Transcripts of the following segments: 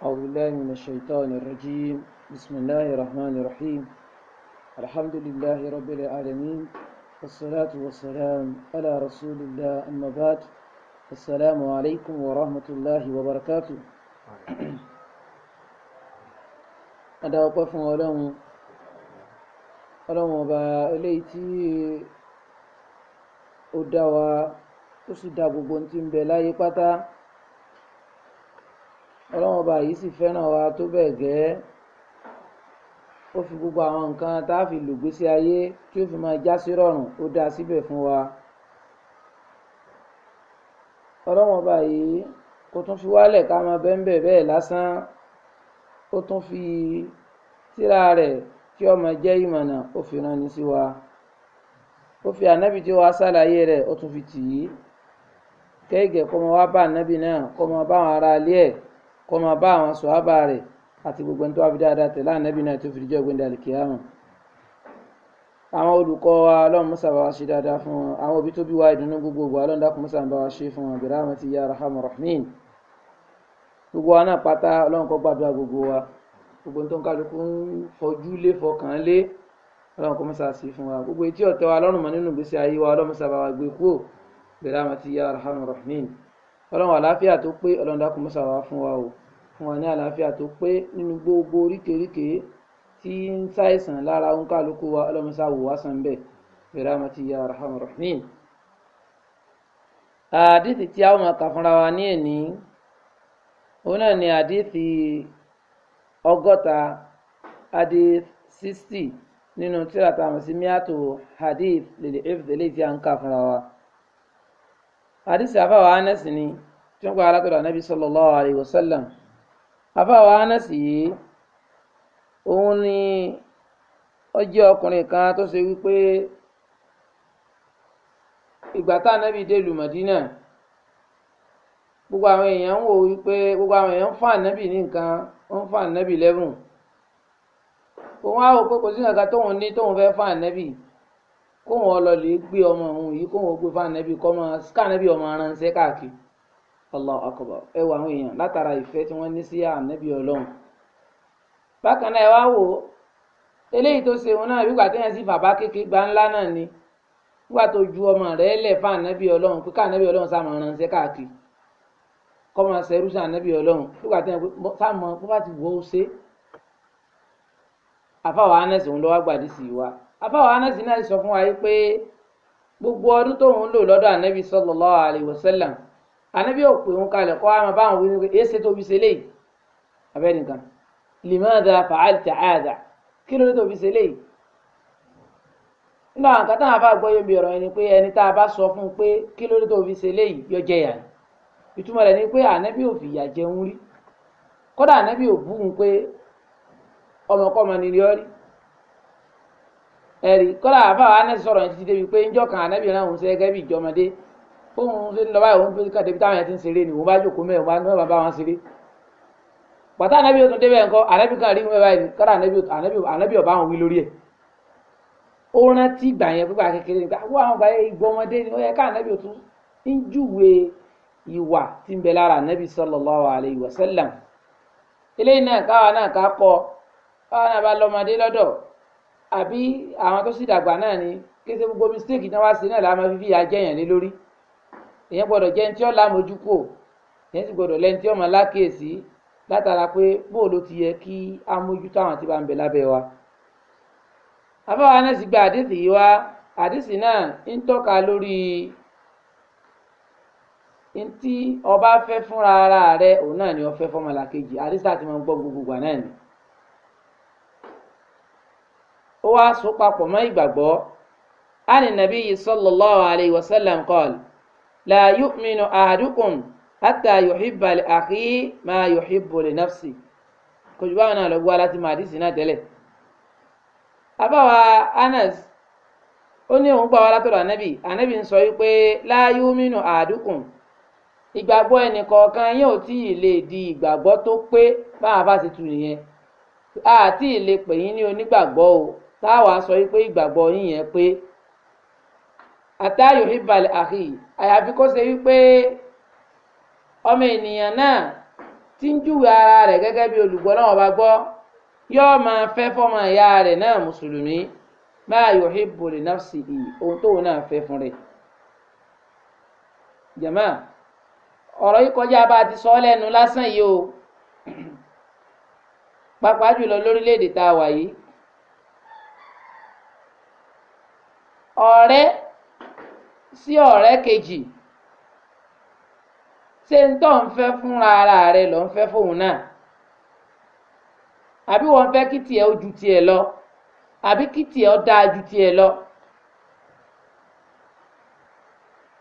أعوذ بالله من الشيطان الرجيم بسم الله الرحمن الرحيم الحمد لله رب العالمين والصلاة والسلام على رسول الله أما بعد السلام عليكم ورحمة الله وبركاته أدا وقف ولهم ولهم با إليتي أدوا أسدى بنتي بلاي ọlọ́run ọba yìí sì fẹ́ràn wa tó bẹ́ẹ̀ gẹ́ ó fi gbogbo àwọn nǹkan tá a fi lògbésí ayé tí ó fi máa já sí rọrùn ó dá síbẹ̀ fún wa ọlọ́run ọba yìí kò tún fi wálẹ̀ ká máa bẹ́ńbẹ̀ bẹ́ẹ̀ lásán ó tún fi tírà rẹ̀ tí ó máa jẹ́ ìmọ̀nà ó fi ránni sí wa ó fi ànábì tí wàá ṣàlàyé rẹ̀ ó tún fi tì í kẹ́gẹ́ kọ́ mọ wá bá ànábì náà kọ́ mọ bá àwọn ará ilé ẹ̀ kó máa bá àwọn sọ̀hábà rẹ̀ àti gbogbo ẹni tó wá fi dáadáa tẹ̀lé ànábì náà tó fi dijọ́ gbẹ̀ndà àlìkìyàmù. àwọn olùkọ́ wa ọlọ́run musa bá wa ṣe dáadáa fún wọn àwọn òbí tó bí wa ìdùnnú gbogbogbò ọlọ́run dákun musa bá wa ṣe fún wọn bẹ̀rẹ̀ àwọn ti yá rahman rahmin. gbogbo wa náà pátá ọlọ́run kó gbàdúrà gbogbo wa gbogbo tó ń kálukú ń fojú lé fọkàn lé ọlọ́run kó musa sí fún wa gbogbo etí ọ̀tẹ̀ wa lọ́rùn mọ́ nínú ìgbésí ayé wa ọlọ́run musa bá wa gbé kúrò bẹ̀rẹ̀ àwọn ti yá rahman rahmin ọlọ́run àlàáfíà tó pé ọlọ́run dákun musa wá fún wa o fún wa ní àlàáfíà tó pé nínú gbogbo oríkèéríkèé tí ń ṣàìsàn lára oníkálukú wa ọlọ́mọṣá wò wá sàn bẹ́ẹ̀ bẹ̀rẹ̀ àmọ́tí ya rahman rahim. àdìsí tí a máa kà fúnra wa ní èní òun náà ni àdìsí ọgọ́ta hadith sixty nínú tíra tá a sí miato hadith lèlè efdè lè tí a ń kà fúnra wa. àdìsí àfàwọ̀ anẹ́sì ni tí wọ́n gba alákọ̀dọ̀ anábì sallallahu alaihi wasallam àfàwà anásì yìí òun ni ó jẹ́ ọkùnrin kan tó ṣe wípé ìgbà tá ànábì délùú Mọ̀dínà gbogbo àwọn èèyàn ń wò wípé gbogbo àwọn èèyàn ń fún ànábì ní nǹkan ń fún ànábì lẹ́bùn òun á wò pé kò sí nǹkan tóun ní tóun fẹ́ fún ànábì kóun ọlọ́ọ̀lẹ́ gbé ọmọ òun yìí kóun ó gbé fún ànábì kọ́ ọmọ káànábì ọmọ aránṣẹ́ káàkiri Allahu akbar ẹ wọ àwọn èèyàn látara ìfẹ́ tí wọ́n ní sí ànábì ọlọ́run bákan náà ẹ wá wò ó eléyìí tó ṣe òun náà wípé àtẹ̀yàn sí bàbá kékeré gba ńlá náà ni wípé tó ju ọmọ rẹ lẹ̀ fún ànábì ọlọ́run pé káànábì ọlọ́run sáà máa ránṣẹ́ káàkiri kọ́ máa ṣe irúṣẹ́ ànábì ọlọ́run wípé àtẹ̀yàn sáà mọ bó bá ti wọ́ ó ṣe àfàwọ̀ anẹ́sì òun lọ́wọ́ gbàdí sí wa àfàwọ̀ anẹ́sì náà sọ fún wa yìí pé gbogbo ọdún tóun lò lọ́dọ̀ ànábì sallallahu alaihi wasallam ànábì ò pè òun ka kọ́ àmọ́ báwọn wí pé èsì tó fi ṣe léyìí abẹ́ nìkan limadha fa'alta hadha kí ló dé tó fi ṣe léyìí. àbá gbọ́ yóò bí ọ̀rọ̀ ẹni pé ẹni tá a bá sọ fún un pé kí ló yóò jẹ yàrá ìtumọ̀ ni pé ànábì ò fìyà jẹun rí kódà ànábì ò bú un pé ọmọkọ́mọ ni rí ọ rí kódà àbá wa yẹn débi pé kan náà ń bóun ṣe ń lọ báyìí òun fi kàn débi táwọn yẹn ti ń ṣeré ni òun bá jòkó mẹ́rin òun bá bá wọn ṣeré pàtó ànábì òtún débẹ̀ nǹkan ànábì kan rí wọn báyìí kọ́dà ànábì ọ̀bá wọn wí lórí ẹ̀ ó rántí ìgbà yẹn pípa kékeré nípa wọ́n àwọn báyẹn igbó ni ó yẹ ká ànábì òtún ń júwe ìwà tí ń bẹ lára ànábì sallallahu alaihi wasallam eléyìí náà káwa náà ká kọ káwa náà bá lọ́mọdé lọ́dọ̀ àbí àwọn tó gbogbo mistake náà wá sí náà làwọn máa fi fìyà jẹyàn lé lórí èèyàn gbọ́dọ̀ jẹ́ ní tí ó lámojú kò èèyàn sì gbọ́dọ̀ lẹ́ni tí ó máa lákèésí látara pé bóò ló ti yẹ kí á mójú táwọn ti bá ń bẹ lábẹ́ wa. afáwa náà sì gba àdìsí yìí wá àdìsí náà ń tọ́ka lórí ntí ọba fẹ́ fúnra ara rẹ̀ òun náà ni ọfẹ́ fọmọlàkejì àdìsí àti máa gbọ́ gbogbo gbà náà ni. ó wá so papọ̀ mọ́ ìgbàgbọ́ ánì nàbí yìí sallallahu alaihi wasallam qala la yu'minu ahadukum hatta yuhibba li akhi ma yuhibbu li nafsi kojú báwọn náà lọ gbọ́ láti máa dísì náà tẹ́lẹ̀ abáwa anas ó ní òun gbà wá látọ̀dọ̀ ànábì ànábì ń sọ wípé la yu'minu ahadukum ìgbàgbọ́ ẹnìkọ̀ọ̀kan yóò tí ì lè di ìgbàgbọ́ tó pé báwa bá ti tu nìyẹn àti ìlè pè yín ní onígbàgbọ́ o táwa sọ wípé ìgbàgbọ́ yín yẹn pé àtàyò ìbàlẹ̀ àhì àyàfi kó ṣe wípé ọmọ ènìyàn náà ti ń júwe ara rẹ̀ gẹ́gẹ́ bí olùgbọ́ náà bá gbọ́ yóò máa fẹ́ fọ́mọ ìyá rẹ̀ náà mùsùlùmí máa yọ ìbò lè náà sì ì ohun tóun náà fẹ́ fún rẹ̀. jàmá ọ̀rọ̀ yìí kọjá bá a ti sọ ọ́ lásán yìí o pàápàá jùlọ lórílẹ̀ tá a wà yìí ọ̀rẹ́ sí ọ̀rẹ́ kejì ṣé ń tọ́ ń fẹ́ fúnra ara rẹ lọ́n fẹ́ fóun náà àbí wọ́n fẹ́ kí tiẹ̀ ó ju tiẹ̀ lọ àbí kí tiẹ̀ ó dáa ju tiẹ̀ lọ.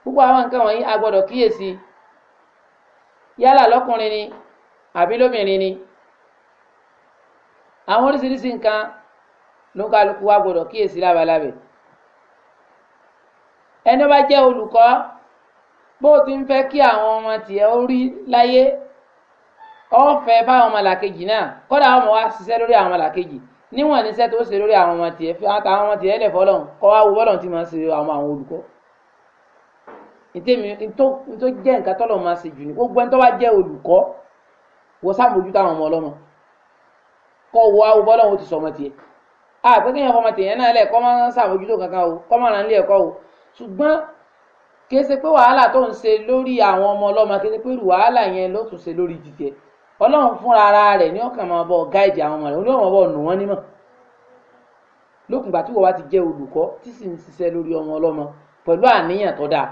púpọ̀ àwọn nǹkan wọ̀nyí a gbọ́dọ̀ kíyèsí yálà lọ́kùnrin ni àbí lóbìnrin ni àwọn oríṣiríṣi nǹkan ló ń kálukú wa gbọ́dọ̀ kíyèsí lábalábẹ̀ ẹni bá jẹ́ olùkọ́ bó ti ń fẹ́ kí àwọn ọmọ tiẹ̀ ó rí láyé ọ̀fẹ́ fáwọn ọmọlàkejì náà kódà àwọn ọmọ wa ṣiṣẹ́ lórí àwọn ọmọlàkejì níwọ̀n níṣẹ́ tó ṣe lórí àwọn ọmọ tiẹ̀ fi àtàwọn ọmọ tiẹ̀ lẹ̀ fọlọ́run kọ́ wá wo bọ́lọ́run ti máa ṣe àwọn àwọn olùkọ́ ntẹ́mi ntó jẹ́ nǹkan tọ́lọ̀ máa ṣe jù ní gbogbo ẹni tó bá jẹ́ olùkọ́ wọ sábòjútó àwọn ọmọ ọlọ́mọ kọ́ wọ àwọn bọ́lọ́run ó ti sọ ọmọ tiẹ̀ àpẹkẹ́yìn ọmọ tiẹ̀ náà lẹ̀ kọ́ máa ń sábòjútó kankan o kọ́ máa ràn lé ẹ̀kọ́ o ṣùgbọ́n kìí ṣe pé wàhálà tó ń ṣe lórí àwọn ọmọ ọlọ́mọ kìí ṣe pé irú wàhálà yẹn ló tún ṣe lórí jíjẹ ọlọ́run fúnra ara rẹ̀ ní ọkàn máa bọ gáìdì àwọn ọmọ rẹ̀ ní ọmọ bọ nù wọ́n nímọ̀ lókùngbà tí wọ́n bá ti jẹ́ olùkọ́ tí sì ń ṣiṣẹ́ lórí ọmọ ọlọ́mọ pẹ̀lú àníyàn tó dáa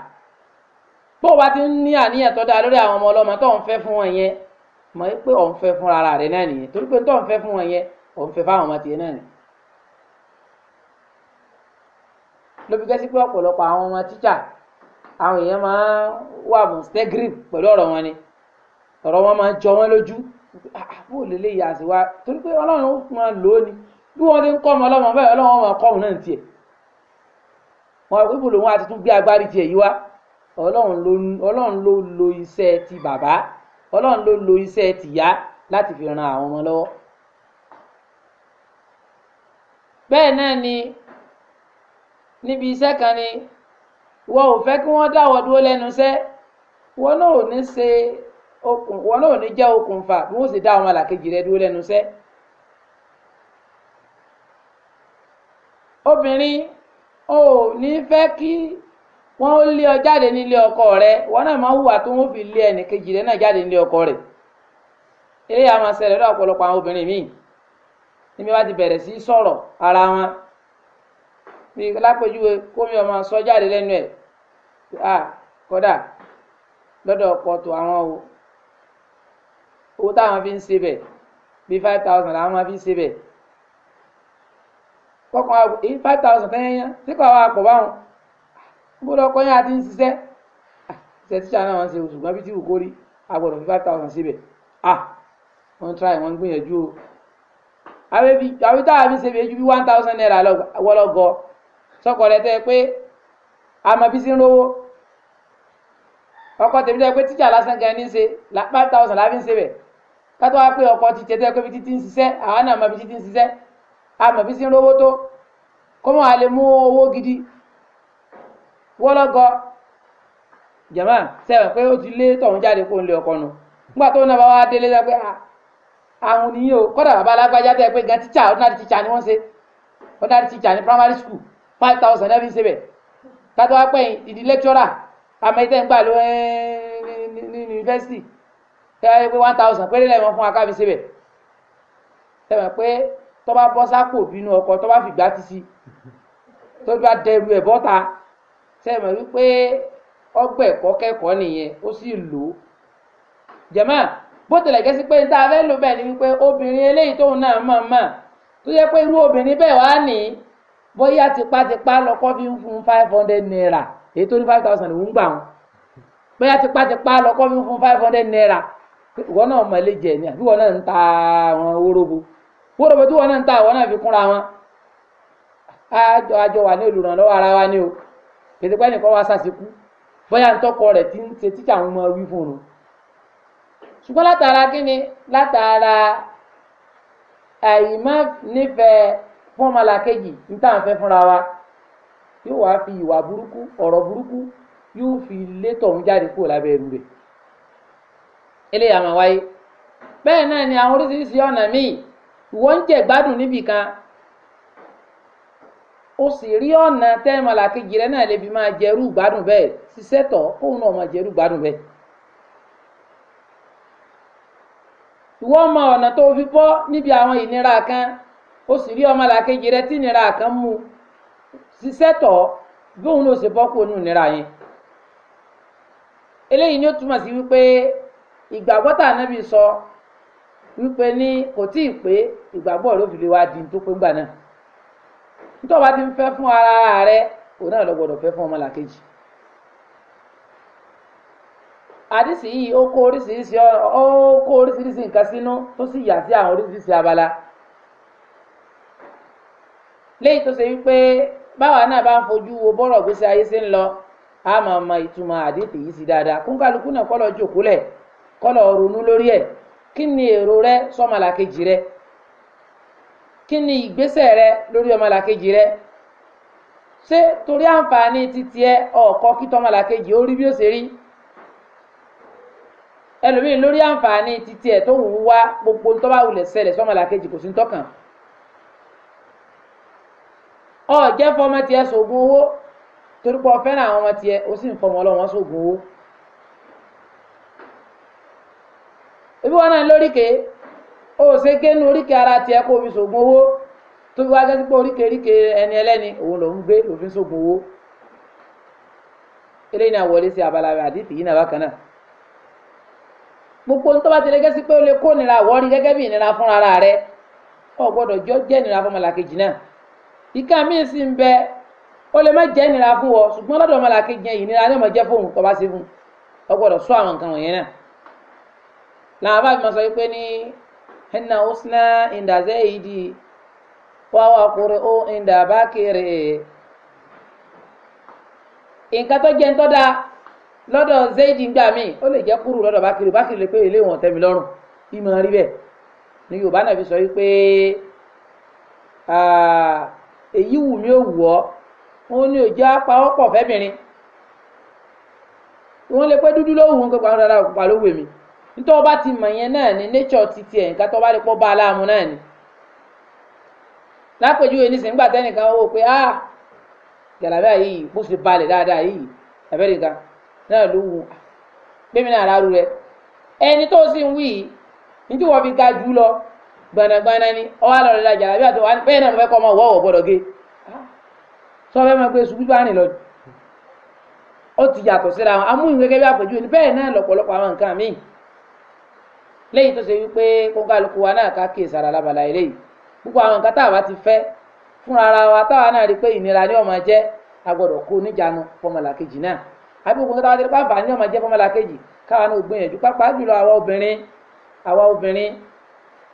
bó o bá ti ń ní àníyàn tó dáa lórí àwọn ọmọ ọlọ́mọ tó ń fẹ́ fún wọn yẹn mọ̀ pé ò ń fẹ́ fúnra ara rẹ̀ náà nìyẹn torí pé tó ń fẹ́ fún wọn yẹn ò ń fẹ́ fáwọn ọmọ tiẹ̀ náà nìyẹn ló fi gẹ́sí pé ọ̀pọ̀lọpọ̀ àwọn ọmọ tíṣà àwọn èèyàn máa ń wà mọ̀ stegrip pẹ̀lú ọ̀rọ̀ wọn ni ọ̀rọ̀ wọn máa ń jọ wọn lójú àbúrò lélẹ̀ yìí àṣìwá torí pé ọlọ́run ó máa lò ó ni bí wọ́n ti ń kọ́ ọmọ ọlọ́mọ bẹ́ẹ̀ ọlọ́run máa kọ́ ọ̀hún náà tiẹ̀ wọn àpò ìbò lòun àti tún gbé agbárí tiẹ̀ yìí wá ọlọ́run ló lo iṣẹ́ ti bàbá ọlọ́run ló lo iṣẹ́ tìyá láti fi ran níbi iṣẹ́ kan ni wọn ò fẹ́ kí wọ́n dáwọ́ dúró lẹ́nu iṣẹ́ wọn náà ò ní ṣe okùn wọn náà ò ní jẹ́ okùnfà bí wọ́n sì dá àwọn àlàkejì rẹ dúró lẹ́nu iṣẹ́. obìnrin ò ní fẹ́ kí wọ́n ó lé ọ jáde nílé ọkọ rẹ wọn náà máa hùwà tó wọ́n fi lé ẹnìkejì rẹ náà jáde nílé ọkọ rẹ eré àmọ́ ṣẹlẹ̀ lọ́pọ̀lọpọ̀ àwọn obìnrin míì níbi wá ti bẹ̀rẹ̀ sí sọ̀rọ̀ ara wọn bí lápẹjúwe kómi ọmọ sọ jáde lẹ́nu ẹ̀ à kódà lọ́dọ̀ àwọn o owó táwọn fi ń ṣe bẹ̀ bíi five thousand làwọn máa fi ń ṣe bẹ̀ kọkàn èyí five thousand tẹ́yẹ́ yẹn sípò àwọn àpò báwọn gbọ́dọ̀ ọkọ yẹn àti ń ṣiṣẹ́ ṣe tíṣà náà wọ́n ṣe ṣùgbọ́n bí tí kò kórìí agbọ́dọ̀ fi five thousand síbẹ̀ ah wọ́n try wọ́n gbìyànjú o àwẹ̀ táwọn fi ṣe bẹ̀ ju bí one thousand naira wọ́lọ́gọ́ sọkọ rẹ a pé amabisi ń rówó ọkọ tèmi tẹ́ pé tíjà lásán kan ní í ṣe five thousand láfi ń ṣe bẹ̀ kátó wá pé ọkọ ti tẹ́ tẹ́ pé títí ń ṣiṣẹ́ àwọn náà amabisi ń tó kó mú owó gidi wọ́lọ́gọ́ pé ó ti lé jáde kó lé ọkọ nígbà tó ń bá kọ́dà bàbá alágbájá pé gan ni wọ́n ṣe school five thousand náà fi ń ṣe bẹ̀ kátó wá pẹ́yìn ìdí lẹ́kítọ́rà àmẹ́tẹ́ ń gbà ló ní yunifásitì kẹ́ẹ́ pé one thousand péré lẹ́mọ̀ fún wa ká fi ṣe bẹ̀ tẹ̀wọ̀n pé tó bá bọ́ sápò bínú ọkọ̀ tó bá fìgbà ti si tó bá dẹrù ẹ̀ bọ́ta tẹ̀wọ̀n wípé ọgbẹ́ ẹ̀kọ́ kẹ́kọ̀ọ́ nìyẹn ó sì lò ó jẹ̀mọ́ bó tilẹ̀ gẹ́sí pé tá a fẹ́ lò bẹ́ẹ̀ ni wípé obìnrin eléyìí tóun náà mọ̀ mọ̀ tó yẹ pé irú obìnrin bẹ́ẹ̀ wá nìí bóyá tipátipá lọ́kọ́ fi ń fún five hundred naira èyí tó ní five thousand ń gbà wọn bóyá tipátipá lọ́kọ́ fi ń fún five hundred naira ìwọ náà mọ̀ lè jẹ ní àbí ìwọ náà ń ta àwọn wórobo wórobo tí ìwọ náà ń ta ìwọ náà fi kúnra wọn àjọ àjọ wà ní olùrànlọ́wọ́ ara wa ni o kìtìpẹ́ nìkan wá sàṣekú bóyá ntọ́kọ rẹ̀ ti ń ṣe tíṣà àwọn ọmọ wí fún un ṣùgbọ́n látara kíni látara àìmọ́ nífẹ̀ẹ́ fún ọmọlàkejì ní tá à ń fẹ́ fúnra wa yóò wá fi ìwà burúkú ọ̀rọ̀ burúkú yóò fi létọ̀ ń jáde kúrò lábẹ́ ẹrù rẹ̀ eléyà máa wáyé bẹ́ẹ̀ náà ni àwọn oríṣiríṣi ọ̀nà míì ìwọ ń jẹ gbádùn níbì kan o sì rí ọ̀nà tẹ́ẹ̀mọ̀làkejì rẹ náà lè fi máa jẹrú gbádùn bẹ́ẹ̀ ṣiṣẹ́ tọ̀ kóun náà máa jẹrú gbádùn bẹ́ẹ̀. ìwọ mọ ọ̀nà tó fi bọ́ níbi àwọn ìnira kan o sì rí ọmọlàkejì rẹ tí ìnira kan mú si tọ̀ bóun ló ṣe bọ́kú onú ìnira yẹn eléyìí ni ó túmọ̀ sí wípé ìgbàgbọ́ sọ wípé ní kò tí ì pé ìgbàgbọ́ ló di tó pé náà fún ara rẹ òun náà fẹ́ fún àdìsí yìí ó kó oríṣiríṣi ó kó oríṣiríṣi nǹkan sínú abala. léyìí tó ṣe wípé báwa náà bá ń fojú wo bọ́rọ̀ gbèsè ayé ṣe ń lọ a máa mọ ìtumọ̀ àdéhùn yìí sí dáadáa kúńkálukú náà kọ́lọ̀ jòkó lẹ̀ kọ́lọ̀ ronú lórí ẹ̀ kí ni èrò rẹ sọ́mọlàkejì rẹ kí ni ìgbésẹ̀ rẹ lórí ọmọlàkejì rẹ ṣé torí àǹfààní títí ẹ ọkọ kí tọmọlàkejì ó rí bí ó ṣe rí ẹlòmíín lórí àǹfààní títí ẹ tó wù wá gbogbo tó wulẹ̀ ṣẹlẹ̀ sọ́mọlàkejì kò sí ń ọ jẹ́ fọmọ tiẹ̀ sògùn owó torí pé ọfẹ́ náà àwọn ọmọ tiẹ̀ ó sì ń fọmọ ọlọ́wọ́n sògùn owó. ibi wọn náà lóríkè ó ṣe génu oríkè ara tiẹ̀ kó fi sògùn owó tó fi wá gẹ́sí pé oríkè oríkè ẹni ẹlẹ́ni òun lòún gbé òfin sògùn owó. eléyìí náà wọlé sí abala àdìsí yìí náà bákan náà gbogbo ń tọ́ba tẹ̀lé gẹ́sí pé ó lè kó nira wọ́ọ́rí gẹ́gẹ́ bí ìnira fúnra rẹ̀ ọ̀ jẹ́ nira fún ọmọlàkejì náà ìka míì sì ń bẹ ó lè má jẹ́ ìnira fún ọ ṣùgbọ́n lọ́dọ̀ ọmọ làkejì yẹn ìnira ni ọmọ jẹ́ fóun tó bá ṣe fún ọ gbọ́dọ̀ sọ àwọn nǹkan wọ̀nyẹn náà làwọn bá fi máa sọ pé ní ẹnà húsnà ìdàzẹ́ yìí di wàá ọkùnrin ó ìdàbá kiri nǹkan tó jẹ́ ń tọ́ lọ́dọ̀ zayidi ń gbà mí ó lè jẹ́ kúrú lọ́dọ̀ bákiri bákiri lè pé ilé ìwọ̀n tẹ́mi lọ́rùn ìmọ̀ rí bẹ́ẹ̀ ni yorùbá náà fi sọ wípé èyí wù mí ò wù ọ́ òun ni òjò apawọ́pọ̀ fẹ́bìnrin wọ́n lè pẹ́ dúdú lóhùn nǹkan pàmò dáadáa òkúpa ló wèmí nítorí ọba ti mọ̀ yẹn náà nature ti tiẹ̀ nǹkan tó bá lè pọ́ bá aláàmú náà ni lápèjúwe nísìnyí nígbà tẹ́nìkan pe pé ah gàlàbíà yìí bó ṣe balẹ̀ dáadáa yìí abẹ́rẹ́nìkan náà ló wù ah, gbẹ́mí náà rẹ ẹni tó sì ń wí yìí nítorí lọ gbanagbana ni ọwọ alọrọ ìlà jàlábí àti wà na náà fẹ́ ọmọ wọwọ gbọ́dọ̀ gé sọ fẹ́ máa gbé sùkú bá rìn lọ ó ti yàtọ̀ síra wọn amúyìnwé gẹ́gẹ́ bí àpèjúwe ni bẹ́ẹ̀ náà lọ́pọ̀lọpọ̀ àwọn nǹkan míì léyìí tó ṣe wípé kókàlùkù wa náà ká kí ìsàrà lábala eléyìí a àwọn nǹkan táwa ti fẹ́ fúnra ara wa táwa náà rí i pé ìnira ni ọmọ jẹ́ agbọ́dọ̀ kó níjànú fọmọlàkejì náà àbí gbogbo táwa ti rí pàfà ọmọ jẹ́ fọmọlàkejì káwa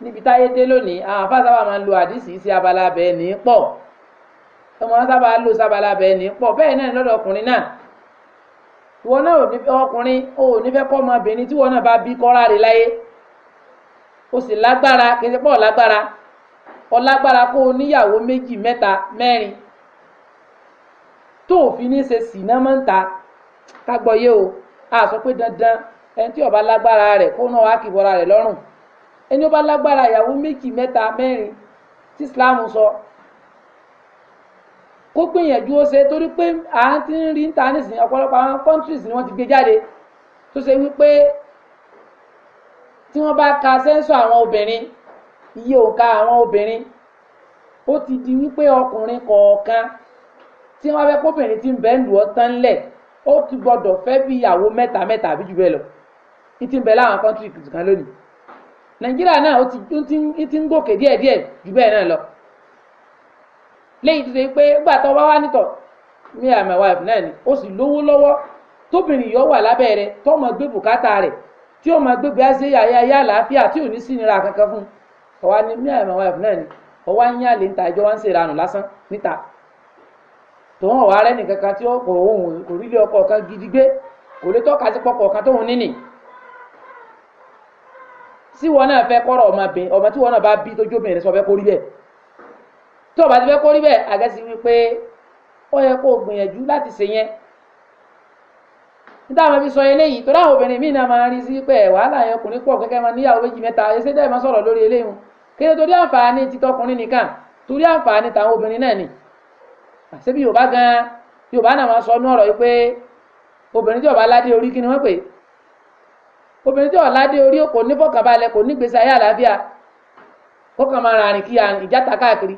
níbi táyé dé lónìí àwọn afá sábà máa ń lo àdìsí sí abala abẹ ní pọ̀ ọmọ wọn sábà lo sábala abẹ ní pọ̀ bẹ́ẹ̀ náà lọ́dọ̀ ọkùnrin náà ìwọ náà ò ní ọkùnrin ò ní fẹ́ kọ́ ọmọbìnrin tí ìwọ náà bá bí kọ́ra rẹ̀ láyé o sì lágbára kì í ṣe pọ̀ lágbára ọlágbára kó o níyàwó méjì mẹ́ta mẹ́rin tó òfin ní ṣe sì náà máa ń ta kágbọ́yé o a sọ pé dandan ẹni tí ó lágbára rẹ̀ kó náà wá kìbọra rẹ̀ lọ́rùn ẹni ó bá lágbára ìyàwó méjì mẹ́ta mẹ́rin tí Islam sọ kó gbìyànjú ó ṣe torí pé à ń ti ń rí níta nísìnyí ọ̀pọ̀lọpọ̀ àwọn countries ni wọ́n ti gbé jáde tó ṣe wípé tí wọ́n bá ka sẹ́ńsọ̀ àwọn obìnrin iye òǹkà àwọn obìnrin ó ti di wípé ọkùnrin kọ̀ọ̀kan tí wọ́n fẹ́ kóbìnrin ti ń bẹ́ẹ̀ lù ọ́ tán lẹ̀ ó ti gbọ́dọ̀ fẹ́ bí ìyàwó mẹ́ta mẹ́ta àbí jù bẹ́ẹ̀ lọ ní ti ń bẹ láwọn country, kan lónìí nàìjíríà náà ó ti ń gòkè díẹ̀díẹ̀ jù bẹ́ẹ̀ náà lọ léyìí ti pé gbà tó bá wá mi and my wife náà ni ó sì lówó lọ́wọ́ tóbìnrin yìí ó wà lábẹ́ rẹ̀ tó máa gbé bùkátà tí ó máa a yàyà yà àlàáfíà tí ò ní kankan fún ni mi and my wife náà ni ọwá ń yàlè níta wa ń nù lásán níta tòun ọ̀wá rẹ̀ nìkankan tí ó kọ òun kò rí kan gidi gbé kò lè tọ́ka tí wọn náà fẹ́ kọ́rọ̀ ọmọ bẹ ọmọ tí wọn náà bá bí tójú obìnrin sọ fẹ́ kórí bẹ́ẹ̀ tí ọba ti fẹ́ kórí bẹ́ẹ̀ àgẹ́sí wípé ó yẹ kó o gbìyànjú láti ṣe yẹn níta àwọn fi sọ eléyìí torí àwọn obìnrin míì náà máa ń rí sí pé wàhálà yẹn ọkùnrin pọ̀ kẹ́kẹ́ máa níyàwó méjì mẹ́ta ẹsẹ̀ dẹ́ẹ̀ máa sọ̀rọ̀ lórí eléyìí kéde torí àǹfààní titọkùnrin nìkan torí àǹfààní tàwọn obìnrin náà ni àṣebí yorùbá gan yorùbá náà máa sọ ní ọ̀rọ̀ yìí pé obìnrin tí yorùbá ládé orí kí ni wọ́n pè é obìnrin tí ọ̀ládé orí kò ní fọkànbalẹ̀ kò ní gbèsè ayé àlàáfíà kó kàn máa ràrìn kí àrùn ìjáta káàkiri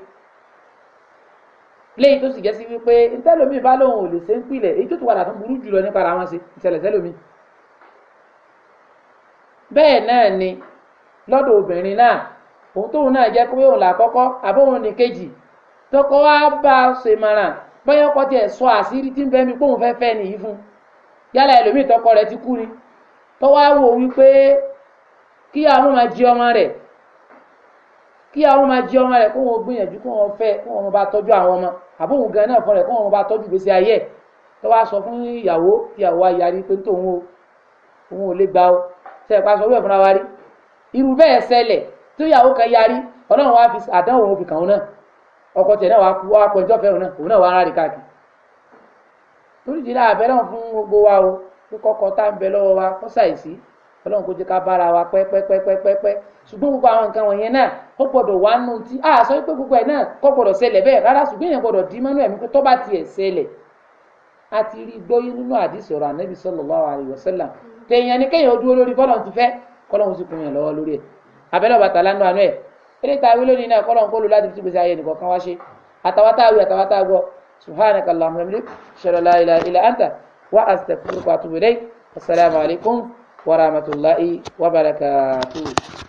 léyìí tó sì jẹ́ sí wípé ntẹ́lómi bá lóun ò lè ṣe ń pilẹ̀ èyí tó ti padà tún burú jùlọ nípa ara wọn ṣe ìṣẹ̀lẹ̀ sẹ́lómi. bẹ́ẹ̀ náà ni lọ́dọ̀ obìnrin náà òun tóun náà jẹ́ pé òun là kọ́kọ́ àbóhun ní kejì tọkọ wa bá a ṣe mọ̀ràn bọ́yọ̀ kọ́ tiẹ̀ sọ àṣírí tí ń bẹ́ mi pé òun fẹ́ fẹ́ nìyí fún yálà ẹlòmíì tọkọ rẹ̀ ti kú ni tọ́wọ́ wò wípé kí àwọn máa jí ọmọ rẹ̀ kí àwọn máa jí ọmọ rẹ̀ kó wọn gbìyànjú kó wọn fẹ́ kó wọn bá tọ́jú àwọn ọmọ àbóhùn gan náà fún rẹ̀ kó wọn bá tọ́jú ìgbésí ayé ẹ̀ tọ́wọ́ sọ fún ìyàwó ìyàwó ayarí pé tóun o òun ò lè gbà o ṣe é paṣọ wíwẹ̀ fúnra wa rí irú bẹ́ẹ̀ ṣẹlẹ̀ tó ìyàwó kan yarí ọlọ́run wá fi àdánwò òun fi kàn òun náà ọkọ tẹ̀ náà wá kú wá pọ̀ kíkọ́kọ́ tá ń bẹ lọ́wọ́ wa kó ṣàìsí ọlọ́run kó jẹ́ ká bára wa pẹ́pẹ́pẹ́pẹ́pẹ́ ṣùgbọ́n gbogbo àwọn nǹkan wọ̀nyẹn náà ó gbọ́dọ̀ wá nù tí a sọ pé gbogbo ẹ̀ náà kò gbọ́dọ̀ ṣẹlẹ̀ bẹ́ẹ̀ rárá ṣùgbọ́n èèyàn gbọ́dọ̀ dín mọ́nú ẹ̀mí pé tó bá tiẹ̀ ṣẹlẹ̀ a ti rí gbóyún nínú àdìsí ọ̀rọ̀ ànábì sallallahu alaihi wasallam tèèyàn ni kéèyàn dúró lórí bọ́lọ̀ ti fẹ́ kọ́lọ́hún sì kun yàn lọ́wọ́ lórí ẹ̀ abẹ́lẹ́ ọ̀bàtà lánàá àánú ẹ̀ eré ta wílò nínú ẹ̀kọ́ lọ́hún kólu láti fi gbèsè ayé nìkan kan wá ṣe àtàwátà àwì àtàwátà àgbọ̀ subhanakallahumma wa bihamdik وأستغفرك وأتوب إليك السلام عليكم ورحمة الله وبركاته